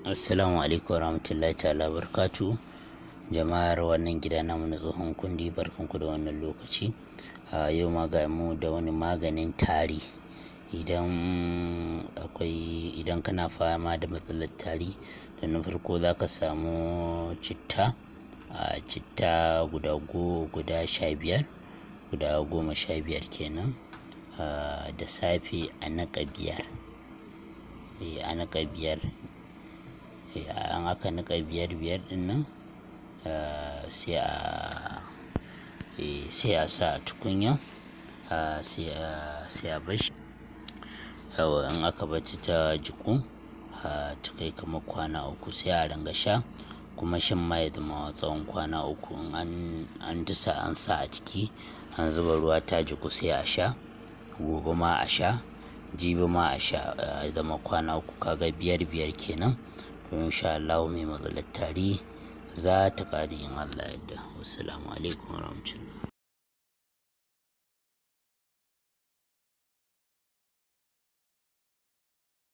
assalamu alaikum warahmatullahi ta'ala barkatu jama'ar wannan gida namu na tsohon kundi barkanku da wannan lokaci a yau ma ga mu da wani maganin tari idan akwai idan kana fama da matsalar tari da na farko za ka samu citta a citta guda go guda sha biyar guda goma sha biyar kenan da safe a naka biyar eh, a naka biyar an aka nika biyar biyar din nan eh, eh, sai a sa a tukunya sai a bashi yawa in aka bata ta jiku ta kai kama kwana uku sai a ringa sha kuma shan ma ya zama tsawon kwana uku in an dusa an sa a ciki an zuba ruwa ta jiku sai a sha gobe ma a sha jibi ma a sha eh, zama kwana uku kaga biyar biyar kenan insha Allah mai matsalar tari za ta ƙari in Allah yadda Wasalamu alaikum rahmatullahi